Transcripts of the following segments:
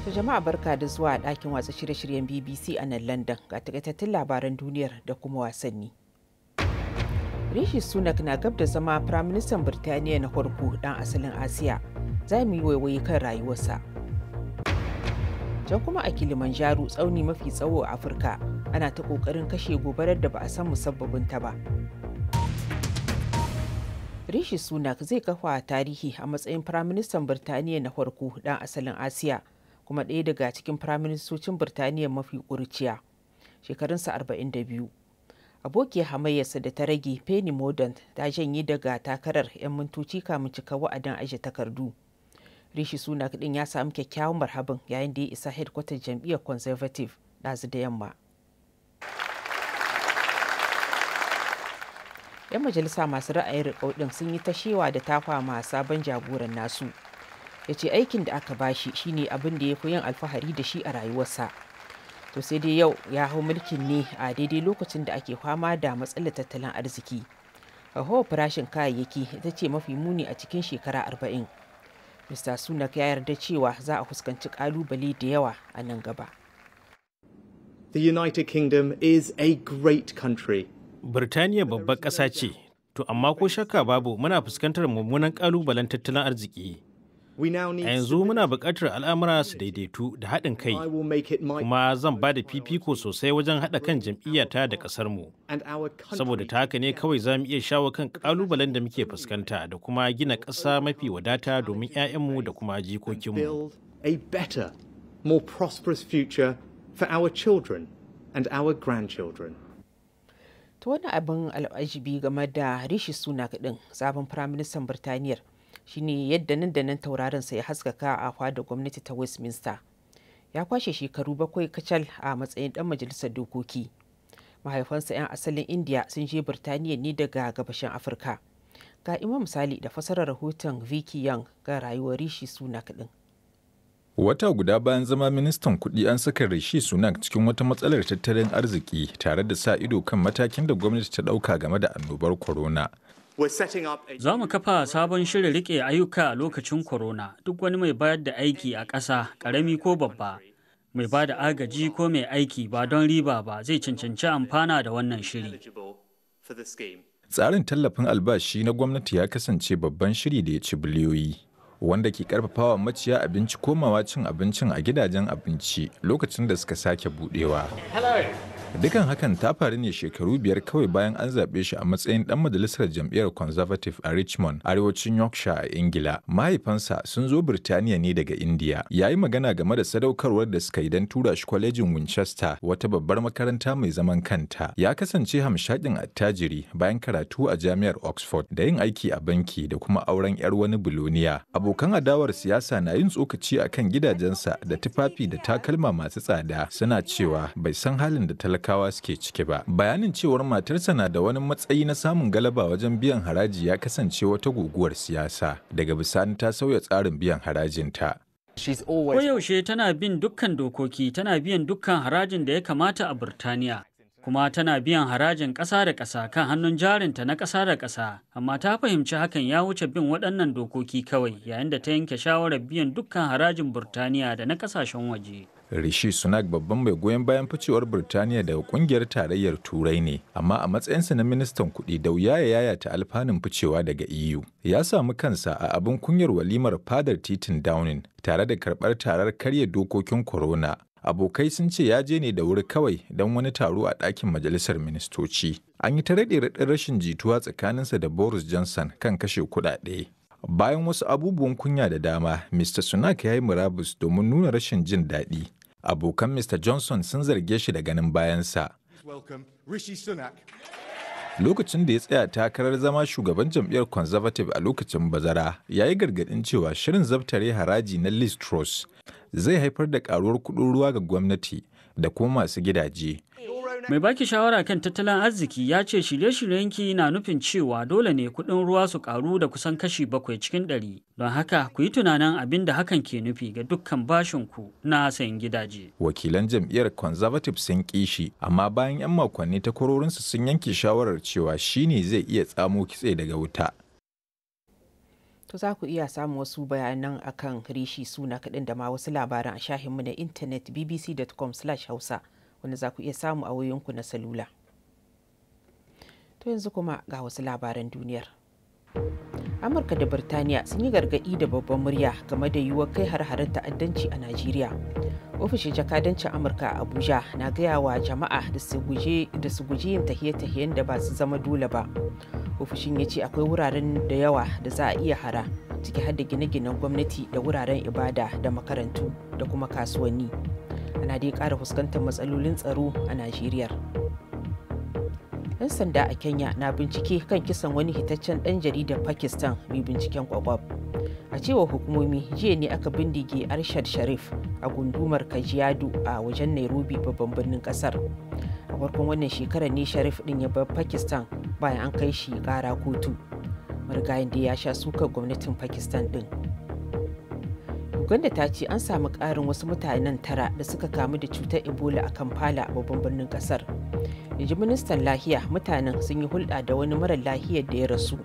To jama'a barka da zuwa ɗakin watsa shirye-shiryen BBC a nan London ga takaitattun labaran duniyar da kuma wasanni. Rishi Sunak na gab da zama Firaministan Birtaniya na farko ɗan asalin Asiya. Za mu yi waiwaye kan rayuwarsa. Can kuma a Kilimanjaro tsauni mafi tsawo a Afirka ana ta ƙoƙarin kashe gobarar da ba a san musabbabin ta ba. Rishi Sunak zai kafa tarihi a matsayin Firaministan Birtaniya na farko ɗan asalin Asiya kuma ɗaya daga cikin firaministocin Birtaniya mafi ƙuruciya shekarunsa 42. Abokiyar hamayyarsa da ta rage Penny modern ta janye daga takarar 'yan mintoci kamun cika wa'adin ajiye takardu. Rishi suna ɗin ya samu kyakkyawan marhabin yayin da ya isa hedkwatar jam'iyyar Conservative ɗazu da yamma. 'Yan majalisa masu ra'ayin rikau ɗin sun yi ta shewa da tafa ma sabon jagoran nasu. ya ce aikin da aka bashi shine abin da ya fi yin alfahari da shi a rayuwarsa to sai dai yau ya hau mulkin ne a daidai lokacin da ake fama da matsalar tattalin arziki hauhawar farashin kayayyaki ita ce mafi muni a cikin shekara arba'in mr sunak ya yarda cewa za a fuskanci kalubale da yawa a nan gaba the united kingdom is a great country birtaniya babbar ƙasa ce to amma ko shakka babu muna fuskantar mummunan kalubalen tattalin arziki A yanzu muna bukatar al'amura su daidaitu da haɗin kai, kuma zan ba da fifiko sosai wajen haɗa kan jam'iyyata da ƙasarmu. Saboda ta haka ne kawai za mu iya shawo kan ƙalubalen da muke fuskanta da kuma gina ƙasa mafi wadata domin 'ya'yanmu da kuma jikokinmu. A Ta wani abin al'ajibi game da Rishi suna kaɗin sabon Firaministan Birtaniyar. shine yadda nan da nan taurarin sa ya haskaka a fada gwamnati ta westminster ya kwashe shekaru bakwai kacal a matsayin dan majalisar dokoki mahaifansa 'yan asalin india sun je birtaniya ne daga gabashin afirka ga ima misali da fasarar rahoton vicky young ga rayuwar rishi sunak din Wata guda bayan zama ministan kuɗi an saka Rishi Sunak cikin wata matsalar tattalin arziki tare da sa ido kan matakin da gwamnati ta ɗauka game da annobar corona. Za mu kafa sabon shirin rike ayyuka a lokacin korona duk wani mai bayar da aiki a ƙasa ƙarami ko babba mai ba da agaji ko mai aiki ba don riba ba zai cancanci amfana da wannan shiri. Tsarin tallafin albashi na gwamnati ya kasance babban shiri da ya ci biliyoyi wanda ke karfafawa maciya abinci komawa cin abincin a gidajen abinci lokacin da suka sake budewa. dukan hakan ta faru ne shekaru biyar kawai bayan an zaɓe shi a matsayin ɗan majalisar jam'iyyar conservative a richmond arewacin yorkshire a ingila mahaifansa sun zo birtaniya ne daga india ya yi magana game da sadaukarwar da suka yi don tura shi kwalejin winchester wata babbar makaranta mai zaman kanta ya kasance hamshakin attajiri bayan karatu a jami'ar oxford da yin aiki a banki da kuma auren 'yar wani buloniya abokan adawar siyasa na yin tsokaci akan gidajensa da tufafi da takalma masu tsada suna cewa bai san halin da talaka talakawa suke ciki ba. Bayanin cewar matarsa na da wani matsayi na samun galaba wajen biyan haraji ya kasance wata guguwar siyasa. Daga bisani ta sauya tsarin biyan harajinta. Koyaushe tana bin dukkan dokoki tana biyan dukkan harajin da ya kamata a birtaniya. kuma tana biyan harajin ƙasa da ƙasa kan hannun jarinta na ƙasa da ƙasa amma ta fahimci hakan ya wuce bin waɗannan dokoki kawai yayin da ta yanke shawarar biyan dukkan harajin burtaniya da na ƙasashen waje Rishi Sunak babban mai goyon bayan ficewar Birtaniya daga kungiyar tarayyar Turai ne, amma a matsayinsa na ministan kuɗi da wuya ya yayata alfanun ficewa daga EU. Ya samu kansa a abin kunyar walimar fadar titin Downing tare da karɓar tarar karya dokokin corona abokai sun ce ya je ne da wuri kawai don wani taro a ɗakin majalisar ministoci an yi ta da rashin jituwa tsakaninsa da boris johnson kan kashe kuɗaɗe bayan wasu abubuwan kunya da dama mr sunak ya yi murabus domin nuna rashin jin daɗi abokan mr johnson sun zarge shi da ganin bayansa Welcome, Rishi lokacin da ya tsaya takarar zama shugaban jam'iyyar conservative a lokacin bazara ya yi gargadin cewa shirin zabtare haraji na liz truss zai haifar da karuwar kudin ruwa ga gwamnati da kuma masu gidaje Mai baki shawara kan tattalin arziki ya ce shirye-shiryenki na nufin cewa dole ne kudin ruwa su karu da kusan kashi bakwai cikin ɗari. Don haka ku yi tunanin abin da hakan ke nufi ga dukkan bashin ku na sayan gidaje. Wakilan jam'iyyar Conservative sun kishi amma bayan 'yan makonni ta su sun yanke shawarar cewa shi ne zai iya tsamo kitse daga wuta. To za ku iya samun wasu bayanan akan rishi suna kaɗan da ma wasu labaran a shahinmu na intanet bbc.com/hausa. wanda za ku iya samu a wayoyinku na salula. To yanzu kuma ga wasu labaran duniyar. Amurka da Birtaniya sun yi gargaɗi da babban murya game da yiwuwar kai har-haren ta'addanci a Najeriya. Ofishin jakadancin Amurka a Abuja na gaya wa jama'a da su guji yin tahiye-tahiyen da ba su zama dole ba. Ofishin ya ce akwai wuraren da yawa da za a iya hara ciki har da gine-ginen gwamnati da wuraren ibada da makarantu da kuma kasuwanni. ana dai kara fuskantar matsalolin tsaro a najeriya 'yan sanda a kenya na bincike kan kisan wani hitaccen ɗan jaridar pakistan mai binciken kwakwab a cewar hukumomi jiya ne aka bindige arshad sharif a gundumar kajiyadu a wajen nairobi babban birnin kasar a farkon wannan shekarar ne sharif din ya bar pakistan bayan an kai shi kara kotu marigayen da ya sha sukar gwamnatin pakistan din Uganda ta ce an samu ƙarin wasu mutanen tara da suka kamu da cutar Ebola a Kampala babban birnin ƙasar. Yanzu ministan lahiya mutanen sun yi hulɗa da wani mara lahiyar da ya rasu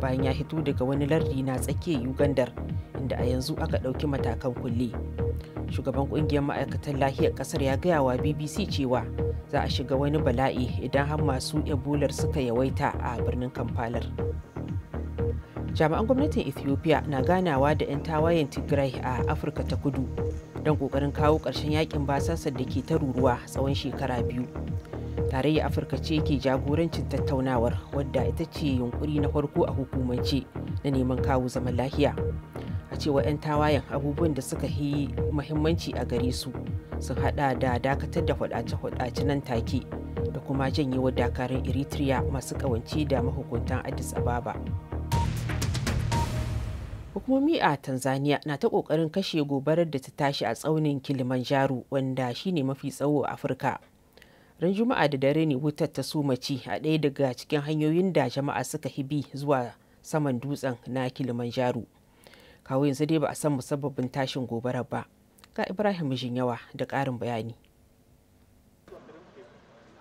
bayan ya hito daga wani lardi na tsakiya uganda inda a yanzu aka ɗauki matakan kulle. Shugaban ƙungiyar ma'aikatan lahiyar ƙasar ya gaya wa BBC cewa za a shiga wani bala'i idan har masu ebola suka yawaita a birnin Kampalar. jami'an gwamnatin ethiopia na ganawa da 'yan tawayen tigray a afirka ta kudu don kokarin kawo ƙarshen yakin basasar da ke ta ruruwa tsawon shekara biyu tarayyar afirka ce ke jagorancin tattaunawar wadda ita ce yunkuri na farko a hukumance na neman kawo zaman lafiya a cewa 'yan tawayen abubuwan da suka yi muhimmanci a gare su sun hada da dakatar da kwadace faɗace nan take da kuma janyewar dakarun eritrea masu kawance da mahukuntan addis ababa hukumomi a tanzania na ta kokarin kashe gobarar da ta tashi a tsaunin kilimanjaro wanda shine mafi tsawo a afirka ran juma'a da dare ne wutar ta sumaci a ɗaya daga cikin hanyoyin da jama'a suka hibi zuwa saman dutsen na kilimanjaro kawo yanzu dai ba a san musabbabin tashin gobarar ba ga ibrahim jinyawa da ƙarin bayani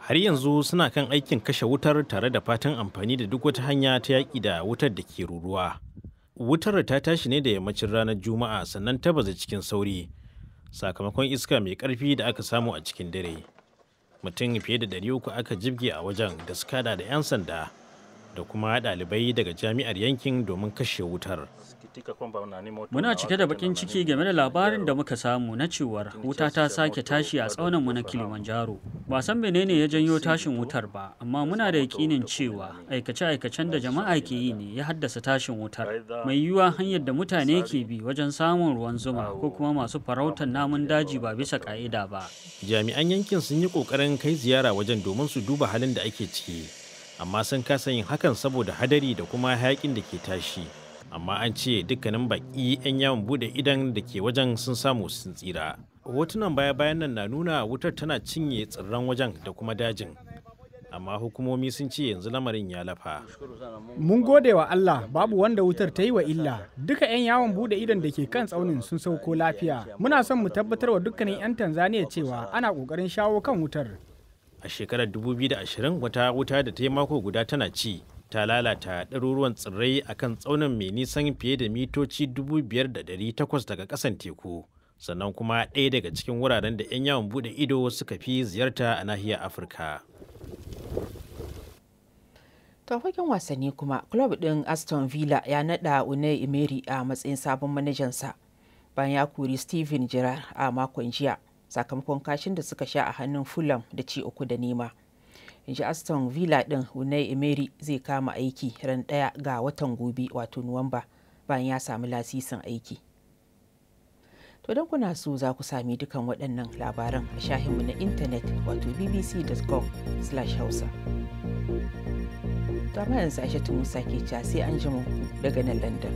har yanzu suna kan aikin kashe wutar tare da fatan amfani da duk wata hanya ta yaƙi da wutar da ke ruruwa wutar ta tashi ne da yammacin ranar juma'a sannan ta baza cikin sauri sakamakon iska mai karfi da aka samu a cikin dare mutum fiye da 300 aka jibge a wajen da suka da 'yan sanda da kuma ɗalibai daga jami'ar yankin domin kashe wutar. Muna cike da bakin ciki game da labarin da muka samu na cewar wuta ta sake tashi a mu na Kilimanjaro. Ba san menene ya janyo tashin wutar ba, amma muna da yakinin cewa aikace-aikacen da jama'a ke yi ne ya haddasa tashin wutar. Mai yiwuwa hanyar da mutane ke bi wajen samun ruwan zuma ko kuma masu farautar namun daji ba bisa ka'ida ba. Jami'an yankin sun yi ƙoƙarin kai ziyara wajen domin su duba halin da ake ciki. amma sun kasa yin hakan saboda hadari da kuma hayakin da ke tashi amma an ce dukkanin baki 'yan yawon bude idan da ke wajen sun samu sun tsira hotunan baya-bayan nan na nuna wutar tana cinye tsirran wajen da kuma dajin amma hukumomi sun ce yanzu lamarin ya lafa. Mun gode wa Allah babu wanda wutar ta yi wa illa. Duka 'yan yawon bude idon da ke kan tsaunin sun sauko lafiya. Muna son mu tabbatar wa dukkanin 'yan Tanzania cewa ana kokarin shawo kan wutar. a shekarar 2020 wata wuta da ta yi mako guda tana ci ta lalata ɗaruruwan tsirrai a kan tsaunin mai nisan fiye da mitoci 5,800 daga ƙasan teku sannan kuma ɗaya daga cikin wuraren da 'yan yawon buɗe ido suka fi ziyarta a nahiyar afirka tafakin wasanni kuma club ɗin aston villa ya naɗa une emery a matsayin sabon manajansa bayan ya kori steven gerrard a makon jiya sakamakon kashin da suka sha a hannun fulham da ci uku da nema in aston villa din unai emery zai kama aiki ran ɗaya ga watan gobe wato nuwamba bayan ya samu lasisin aiki to don kuna so za ku sami dukan waɗannan labaran a shahinmu na intanet wato bbc.com/hausa ta yanzu aisha musa ke ca sai an daga nan london